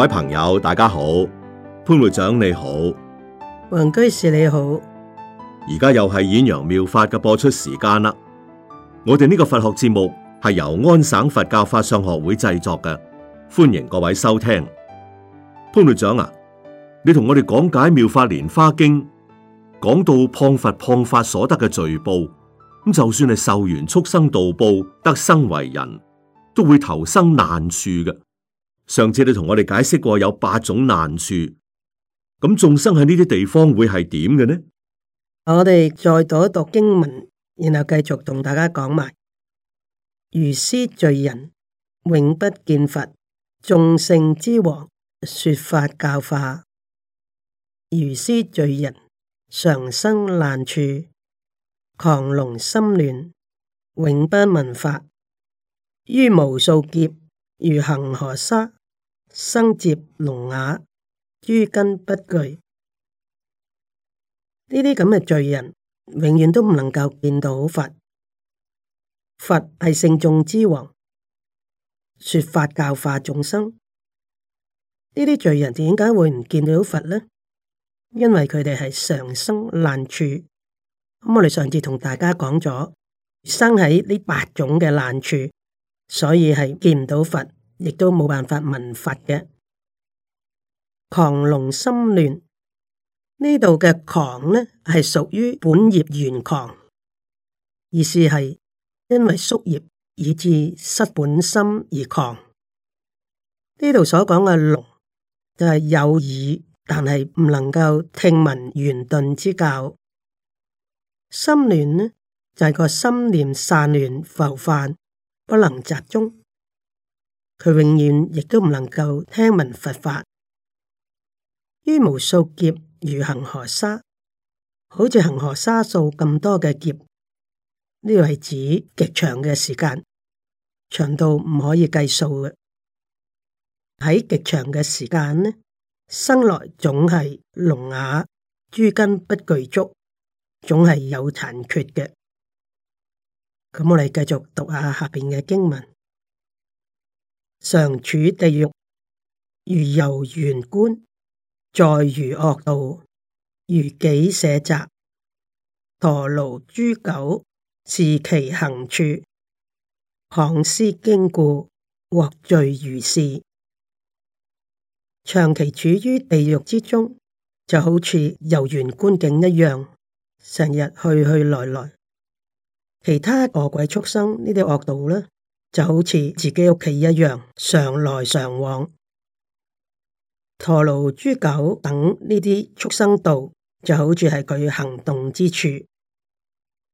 各位朋友，大家好，潘會長你好，黃居士你好，而家又係演揚妙法嘅播出時間啦。我哋呢個佛學節目係由安省佛教法相學會製作嘅，歡迎各位收聽。潘會長啊，你同我哋講解妙法蓮華經，講到破佛破法所得嘅罪報，咁就算係受完畜生道報，得生為人都會投生難處嘅。上次你同我哋解釋過有八種難處，咁眾生喺呢啲地方會係點嘅呢？我哋再讀一讀經文，然後繼續同大家講埋。如斯罪人，永不見佛；眾聖之王，說法教化。如斯罪人，常生難處，狂龍心亂，永不聞法，於無數劫如恒河沙生輒聾啞，諸根不具，呢啲咁嘅罪人，永遠都唔能夠見到佛。佛係聖眾之王，說法教化眾生。呢啲罪人點解會唔見到佛呢？因為佢哋係常生難處。咁我哋上次同大家講咗，生喺呢八種嘅難處，所以係見唔到佛。亦都冇辦法聞法嘅狂聾心亂，呢度嘅狂呢係屬於本業緣狂，意思係因為宿業以致失本心而狂。呢度所講嘅聾就係有耳，但係唔能夠聽聞圓頓之教。心亂呢就係個心念散亂浮泛，不能集中。佢永遠亦都唔能夠聽聞佛法，於無數劫如恒河沙，好似恒河沙數咁多嘅劫，呢個係指極長嘅時間，長到唔可以計數嘅。喺極長嘅時間呢，生來總係聾啞，諸根不具足，總係有殘缺嘅。咁我哋繼續讀下下面嘅經文。常處地獄如遊園觀，在餘惡道如己舍宅，駝驢豬狗是其行處，謗斯經故獲罪如是。長期處於地獄之中，就好似遊園觀景一樣，成日去去來來。其他餓鬼畜生呢啲惡道呢，就好似自己屋企一樣，常來常往。駝驢、豬狗等呢啲畜生道，就好似係佢行動之處，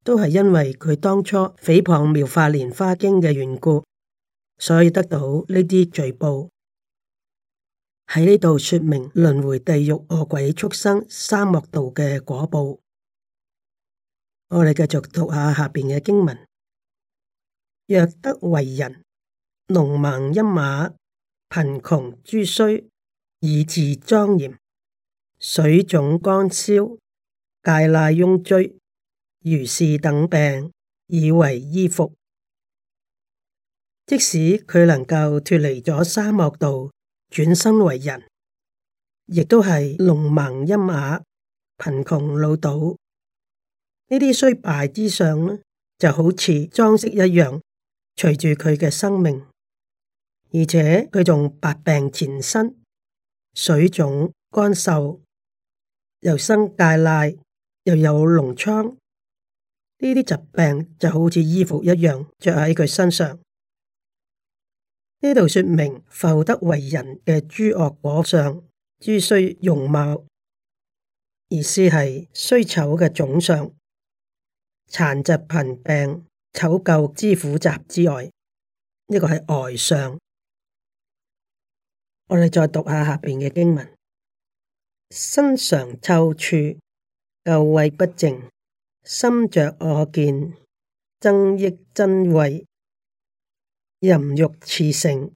都係因為佢當初誹謗妙法蓮花經嘅緣故，所以得到呢啲罪報。喺呢度說明輪迴地獄餓鬼畜生三惡道嘅果報。我哋繼續讀下下邊嘅經文。若得為人，聾盲瘖瘂，貧窮諸衰，以自莊嚴；水腫乾痟，疥癩癰疽，如是等病，以為衣服。即使佢能夠脫離咗三惡道，轉身為人，亦都係聾盲瘖瘂，貧窮潦倒。呢啲衰敗之相呢，就好似裝飾一樣。隨住佢嘅生命，而且佢仲百病纏身，水腫、乾瘦、又生疥癩、又有膿瘡，呢啲疾病就好似衣服一樣着喺佢身上。呢度說明浮得為人嘅諸惡果相，諸衰容貌，意思係衰醜嘅腫相、殘疾、貧病。醜陋之苦雜之外，呢、這個係外相。我哋再讀下下邊嘅經文：身常臭處，垢穢不淨，心着惡見，增益瞋恚，淫欲熾盛，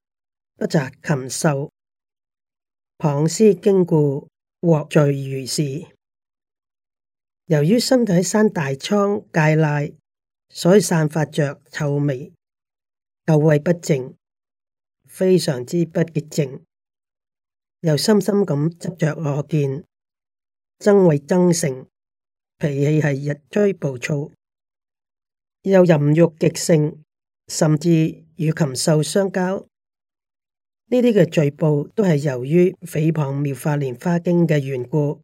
不擇禽獸，謗斯經故，獲罪如是。由於身體生大瘡疥癩，所以散發着臭味，臭穢不淨，非常之不潔淨，又深深咁執着我見，爭位爭勝，脾氣係日趨暴躁，又淫欲極盛，甚至與禽獸相交，呢啲嘅罪報都係由於《誹謗妙法蓮華經》嘅緣故。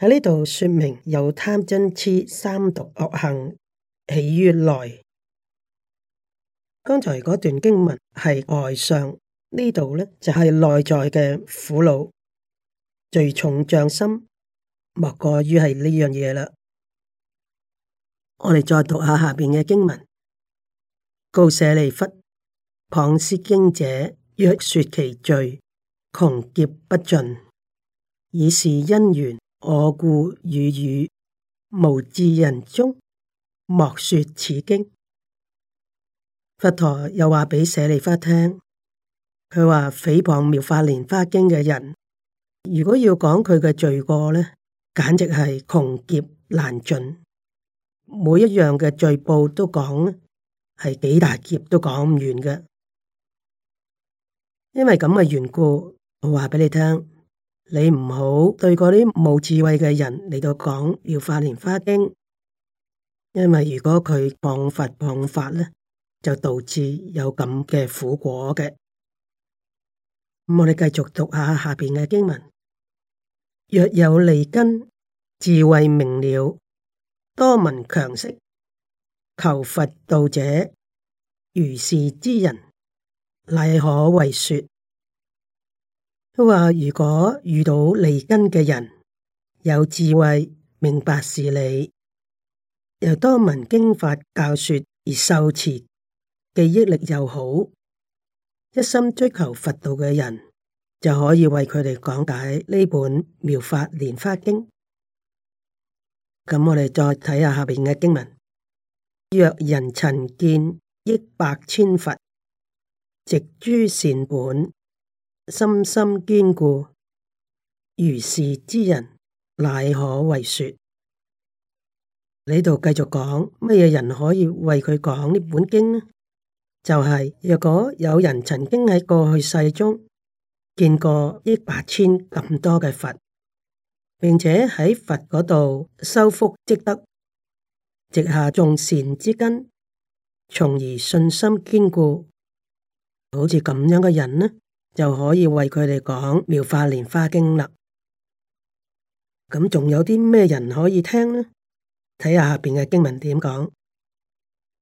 喺呢度說明，有貪嗔癡三毒惡行起於內。剛才嗰段經文係外相，這裏呢度呢就係、是、內在嘅苦惱最重，障心莫過於係呢樣嘢啦。我哋再讀下下面嘅經文：告舍利弗，謗斯經者，若說其罪，窮劫不盡，以是因緣。我故語汝，無智人中，莫說此經。佛陀又話畀舍利弗聽，佢話誹謗妙法蓮花經嘅人，如果要講佢嘅罪過咧，簡直係窮劫難盡，每一樣嘅罪報都講，係幾大劫都講唔完嘅。因為咁嘅緣故，我話畀你聽。你唔好對嗰啲冇智慧嘅人嚟,到講要化蓮花經，因為如果佢謗佛謗法咧，就導致有咁嘅苦果嘅。咁我哋繼續讀下下邊嘅經文：若有利根，智慧明了，多聞強識，求佛道者，如是之人，乃可為說。佢話：都如果遇到利根嘅人，有智慧明白事理，又多聞經法教說而受持，記憶力又好，一心追求佛道嘅人，就可以為佢哋講解呢本妙法《蓮華經》。咁我哋再睇下下邊嘅經文：若人曾見億百千佛，植諸善本。深心堅固如是之人，乃可為說。呢度繼續講乜嘢人可以為佢講呢本經呢？就係、是、若果有人曾經喺過去世中見過億百千咁多嘅佛，並且喺佛嗰度修福積德，植下眾善之根，從而信心堅固，好似咁樣嘅人呢？就可以為佢哋講《妙法蓮華經》啦。咁仲有啲咩人可以聽呢？睇下下邊嘅經文點講。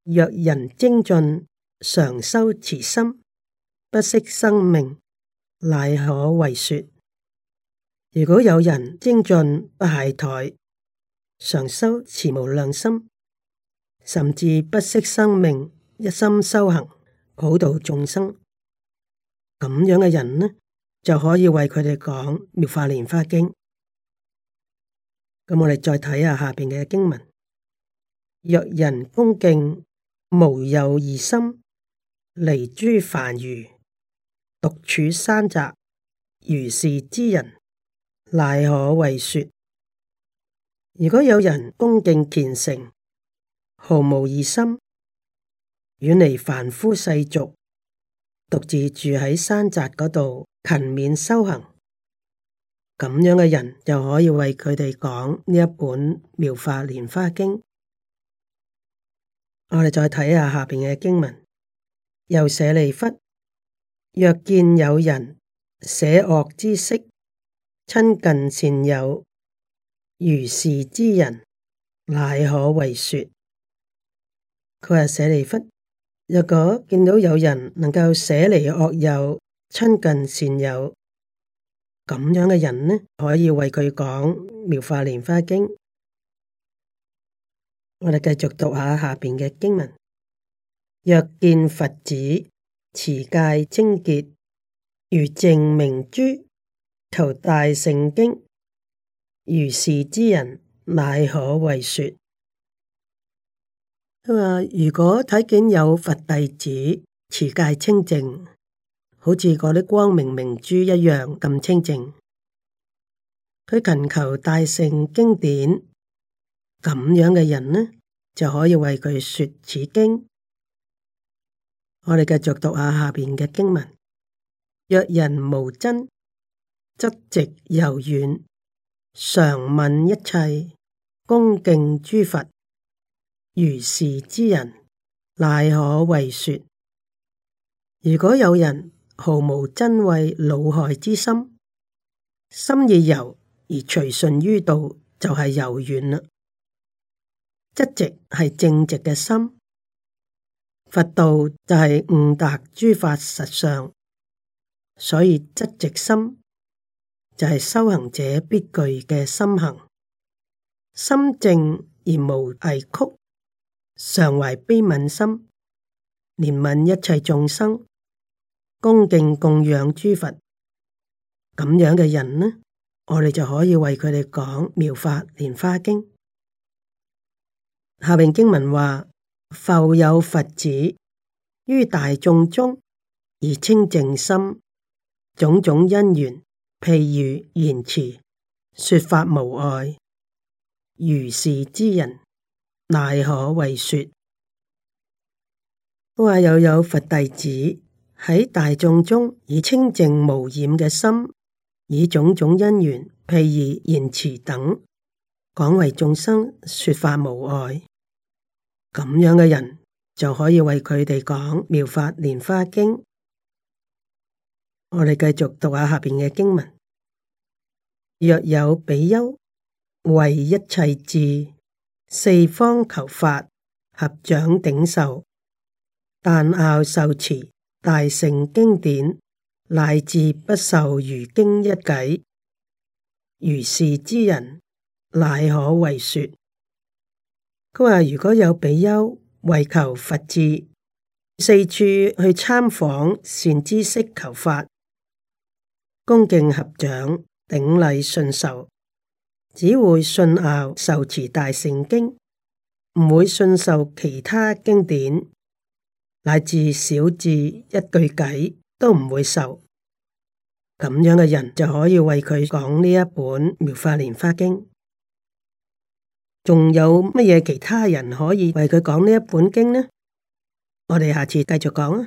若人精進，常修慈心，不惜生命，乃可為說。如果有人精進不懈怠，常修慈無量心，甚至不惜生命，一心修行，普渡眾生。咁樣嘅人呢，就可以為佢哋講《妙法蓮華經》。咁我哋再睇下下邊嘅經文：若人恭敬，無有異心，離諸凡愚，獨處山澤，如是之人，乃可為說。如果有人恭敬虔誠，毫無疑心，遠離凡夫世俗。獨自住喺山澤嗰度勤勉修行，咁樣嘅人就可以為佢哋講呢一本妙法蓮花經。我哋再睇下下邊嘅經文：又舍利弗，若見有人捨惡知識，親近善友，如是之人，乃可為說。佢話舍利弗。若果見到有人能夠捨離惡友，親近善友，咁樣嘅人呢，可以為佢講《妙法蓮華經》。我哋繼續讀下下邊嘅經文：若見佛子持戒清潔，如淨明珠，求大乘經，如是之人，乃可為說。佢話：如果睇見有佛弟子持戒清淨，好似嗰啲光明明珠一樣咁清淨，佢勤求大乘經典，咁樣嘅人呢，就可以為佢説此經。我哋繼續讀下下邊嘅經文：若人無真，質直柔軟，常問一切，恭敬諸佛。如是之人，乃可為說。如果有人毫無瞋恚、惱害之心，心亦柔而隨順於道，就係、是、柔軟啦。質直係正直嘅心，佛道就係悟達諸法實相，所以質直心就係、是、修行者必具嘅心行。心正而無危曲。常懷悲憫心，憐憫一切眾生，恭敬供養諸佛，咁樣嘅人呢，我哋就可以為佢哋講妙法蓮花經。下邊經文話：復有佛子於大眾中而清淨心，種種因緣譬喻言辭說法無礙如是之人。乃可為說。話有有佛弟子喺大眾中以清淨無染嘅心，以種種因緣，譬喻言辭等，講為眾生說法無礙。咁樣嘅人就可以為佢哋講妙法蓮華經。我哋繼續讀下下邊嘅經文，若有比丘為一切智。四方求法，合掌頂受，但樂受持大乘經典，乃至不受餘經一偈，如是之人，乃可為說。佢話：如果有比丘為求佛智，四處去參訪善知識求法，恭敬合掌頂禮信受。只會信受受持大乘經，唔會信受其他經典，乃至少至一句偈都唔會受。咁樣嘅人就可以為佢講呢一本《妙法蓮花經》。仲有乜嘢其他人可以為佢講呢一本經呢？我哋下次繼續講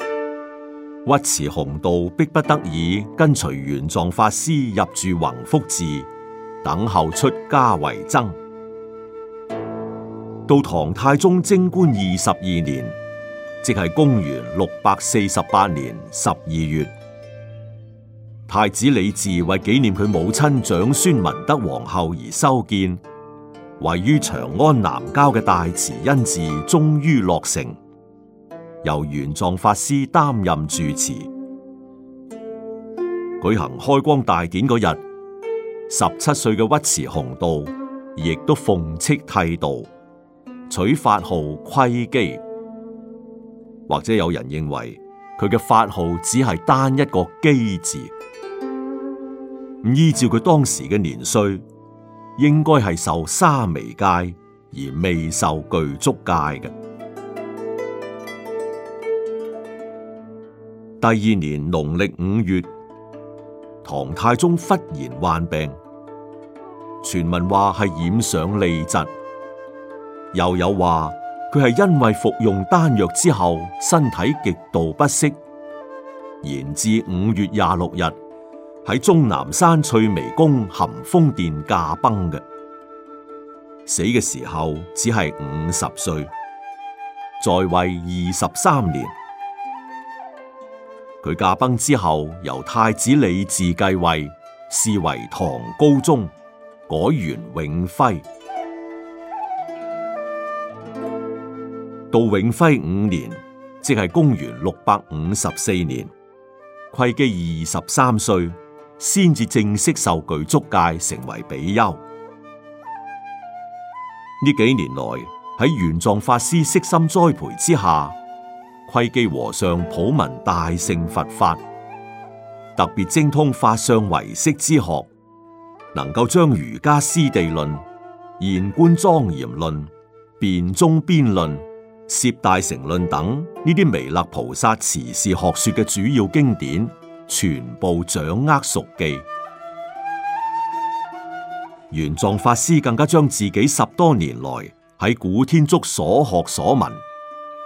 屈遲洪道迫不得已跟隨玄奘法師入住弘福寺，等候出家為僧。到唐太宗貞觀二十二年，即係公元六百四十八年十二月，太子李治為紀念佢母親長孫文德皇后而修建，位於長安南郊嘅大慈恩寺終於落成。由玄奘法師擔任住持，舉行開光大典嗰日，十七歲嘅尉遲洪道亦都奉敕剃度，取法號窺基。或者有人認為佢嘅法號只係單一個基字。依照佢當時嘅年歲，應該係受沙彌戒而未受具足戒嘅。第二年農曆五月，唐太宗忽然患病，傳聞話係染上痢疾，又有話佢係因為服用丹藥之後身體極度不適，延至五月廿六日喺終南山翠微宮含風殿駕崩嘅，死嘅時候只係五十歲，在位二十三年。佢駕崩之後，由太子李治繼位，是為唐高宗，改元永徽。到永徽五年，即係公元六百五十四年，窺基二十三歲，先至正式受具足戒，成為比丘。呢幾年來喺玄奘法師悉心栽培之下。.窺基和尚普聞大乘佛法，特別精通法相唯識之學，能夠將《瑜伽師地論》《現觀莊嚴論》《辯中邊論》《攝大乘論》等呢啲彌勒菩薩慈氏學說嘅主要經典，全部掌握熟記。玄奘法師更加將自己十多年來喺古天竺所學所聞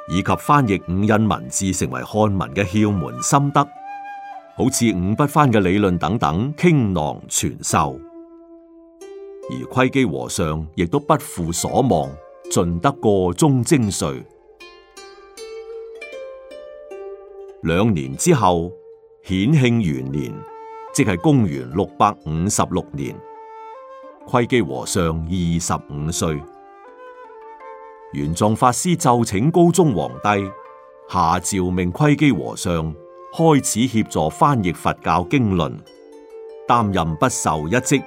以及翻譯五印文字成為漢文嘅竅門心得，好似五不翻嘅理論等等傾囊傳授，而窺基和尚亦都不負所望，盡得個中精髓。兩年之後，顯慶元年，即係公元六百五十六年，窺基和尚二十五歲。玄奘法師就請高宗皇帝下詔命窺基和尚開始協助翻譯佛教經論，擔任不受一職，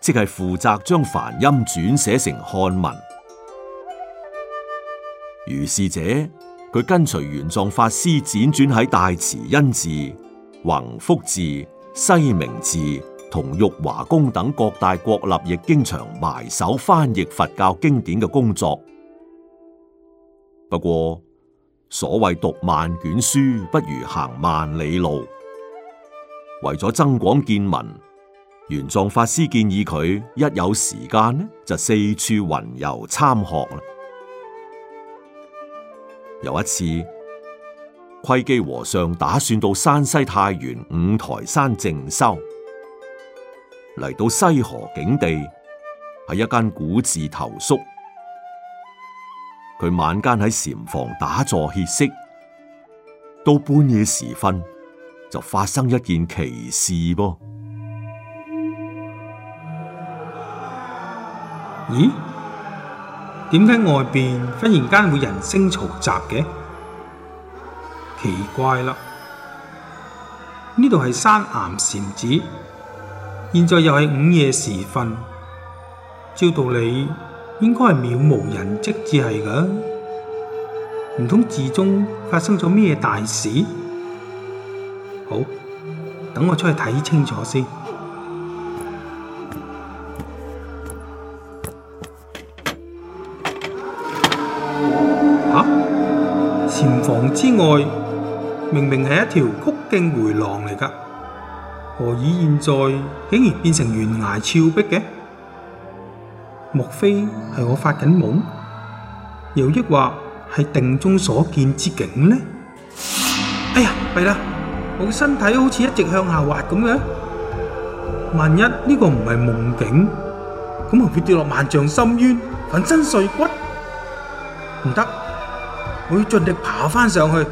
即係負責將梵音轉寫成漢文。如是者，佢跟隨玄奘法師輾轉喺大慈恩寺、弘福寺、西明寺。同玉華宮等各大國立亦經常埋手翻譯佛教經典嘅工作。不過，所謂讀萬卷書不如行萬里路，為咗增廣見聞，玄奘法師建議佢一有時間呢，就四處雲遊參學啦。有一次，窺基和尚打算到山西太原五台山靜修。嚟到西河景地，係一間古寺投宿。佢晚間喺禪房打坐歇息，到半夜時分就發生一件奇事噃。咦？點解外邊忽然間會人聲嘈雜嘅？奇怪啦！呢度係山岩禪寺。現在又係午夜時分，照道理應該係渺無人跡至係㗎，唔通寺中發生咗咩大事？好，等我出去睇清楚先。啊！禪房之外，明明係一條曲徑回廊嚟㗎。何以現在竟然變成懸崖峭壁嘅？莫非係我發緊夢？又抑或係定中所見之境呢？哎呀，弊啦！我嘅身體好似一直向下滑咁樣。萬一呢個唔係夢境，咁咪會跌落萬丈深淵，粉身碎骨。唔得，我要盡力爬返上去。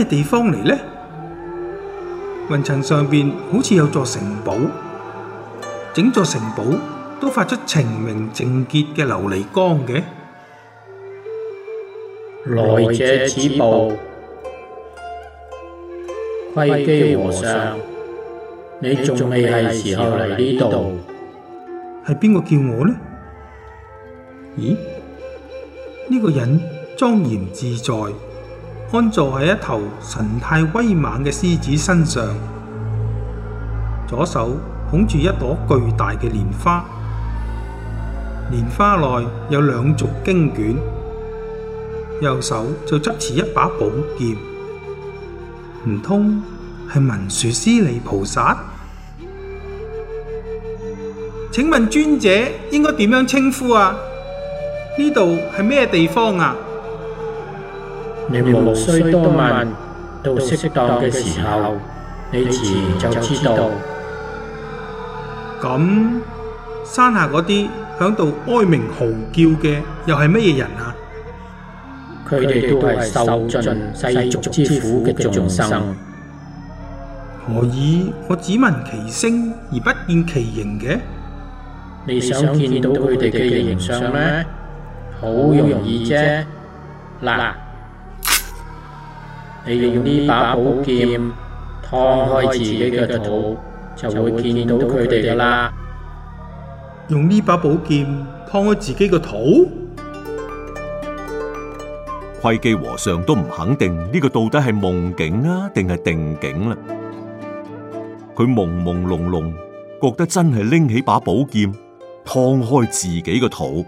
咩地方嚟呢？雲層上邊好似有座城堡，整座城堡都發出澄明淨潔嘅琉璃光嘅。來者止步，窺基和尚，你仲未係時候嚟呢度？係邊個叫我呢？咦？呢個人莊嚴自在，安坐喺一頭神態威猛嘅獅子身上，左手捧住一朵巨大嘅蓮花，蓮花內有兩軸經卷，右手就執持一把寶劍，唔通係文殊師利菩薩？請問尊者應該點樣稱呼啊？呢度係咩地方啊？你無須多問，到適當嘅時候，你自然就知道。咁山下嗰啲響度哀鳴嚎叫嘅，又係乜嘢人啊？佢哋都係受盡世俗之苦嘅眾生。何以我只聞其聲而不見其形嘅？你想見到佢哋嘅形象咩？好容易啫。嗱。你用呢把寶劍㓥開自己嘅肚，就會見到佢哋㗎啦。用呢把寶劍㓥開自己嘅肚，窺基和尚都唔肯定呢個到底係夢境啊，定係定境啦。佢朦朦朧朧，覺得真係拎起把寶劍㓥開自己嘅肚，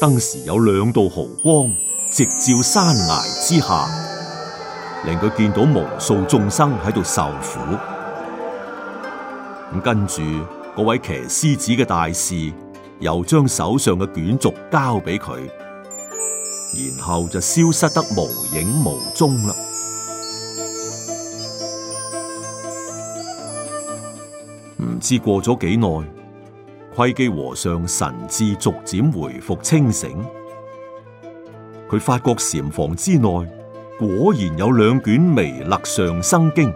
當時有兩道毫光。直照山崖之下，令佢見到無數眾生喺度受苦。咁跟住，嗰位騎獅子嘅大士又將手上嘅卷軸交俾佢，然後就消失得無影無蹤啦。唔知過咗幾耐，窺基和尚神智逐漸回復清醒。佢發覺禪房之內果然有兩卷彌勒上生經，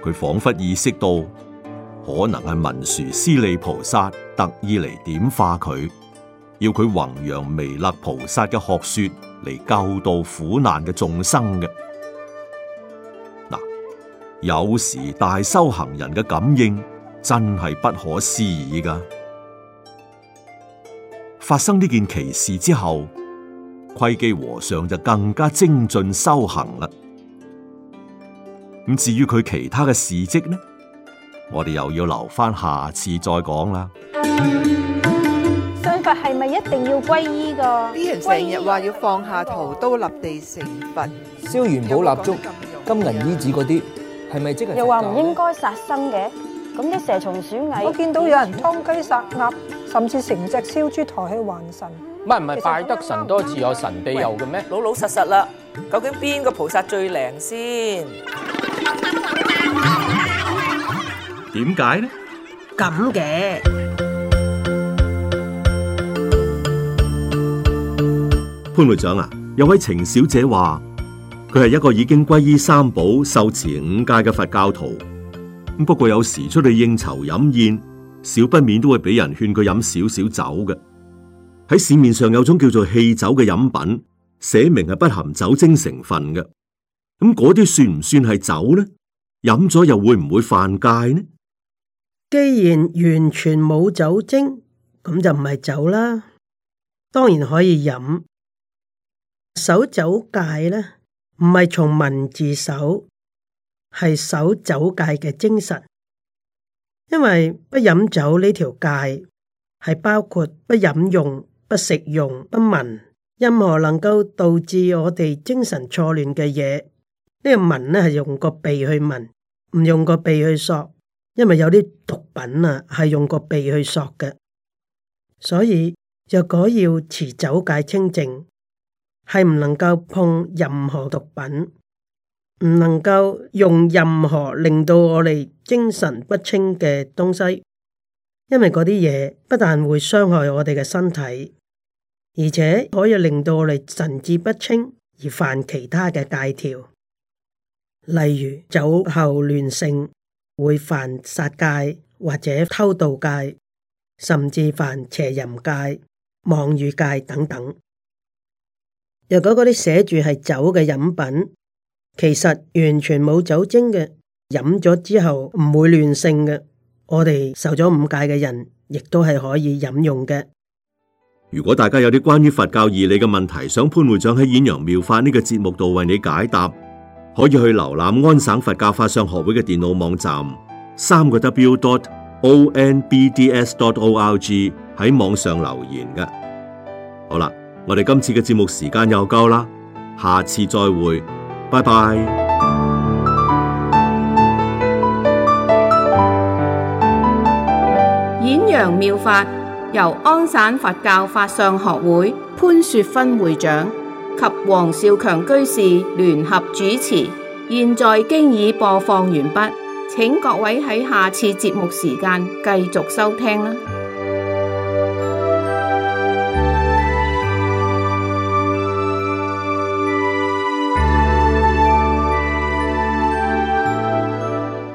佢仿佛意識到可能係文殊師利菩薩特意嚟點化佢，要佢弘揚彌勒菩薩嘅學說嚟救度苦難嘅眾生嘅。嗱，有時大修行人嘅感應真係不可思議㗎。發生呢件奇事之後，窺基和尚就更加精進修行啦。咁至於佢其他嘅事跡呢？我哋又要留翻下，下次再講啦。信佛係咪一定要皈依㗎？啲人成日話要放下屠刀立地成佛，燒元寶蠟燭、金銀衣紙嗰啲，係咪、嗯、即係又話唔應該殺生嘅？咁啲蛇蟲鼠蟻，我見到有人放雞殺鴨。甚至成隻燒豬抬起還神，唔係唔係拜得神多自有神庇佑嘅咩？老老實實啦，究竟邊個菩薩最靈先？點解呢？咁嘅潘會長啊，有位程小姐話佢係一個已經歸依三寶、受持五戒嘅佛教徒，不過有時出去應酬飲宴，少不免都會俾人勸佢飲少少酒嘅。喺市面上有種叫做汽酒嘅飲品，寫明係不含酒精成分嘅。咁嗰啲算唔算係酒呢？飲咗又會唔會犯戒呢？既然完全冇酒精，咁就唔係酒啦，當然可以飲。守酒戒咧，唔係從文字守，係守酒戒嘅精神。因為不飲酒呢條戒，係包括不飲用、不食用、不聞任何能夠導致我哋精神錯亂嘅嘢。呢、這個聞呢係用個鼻去聞，唔用個鼻去索，因為有啲毒品啊係用個鼻去索嘅。所以若果要持酒戒清淨，係唔能夠碰任何毒品。唔能夠用任何令到我哋精神不清嘅東西，因為嗰啲嘢不但會傷害我哋嘅身體，而且可以令到我哋神志不清而犯其他嘅戒條。例如酒後亂性會犯殺戒或者偷盜戒，甚至犯邪淫戒、妄語戒等等。若果嗰啲寫住係酒嘅飲品，其實完全冇酒精嘅，飲咗之後唔會亂性嘅。我哋受咗五戒嘅人，亦都係可以飲用嘅。如果大家有啲關於佛教義理嘅問題，想潘會長喺《演揚妙法》呢個節目度為你解答，可以去瀏覽安省佛教法相學會嘅電腦網站，三個 w dot o n b d s dot o r g 喺網上留言嘅。好啦，我哋今次嘅節目時間又夠啦，下次再會。拜拜。演揚妙法由安省佛教法相學會潘雪芬會長及黃少強居士聯合主持，現在經已播放完畢，請各位喺下次節目時間繼續收聽啦。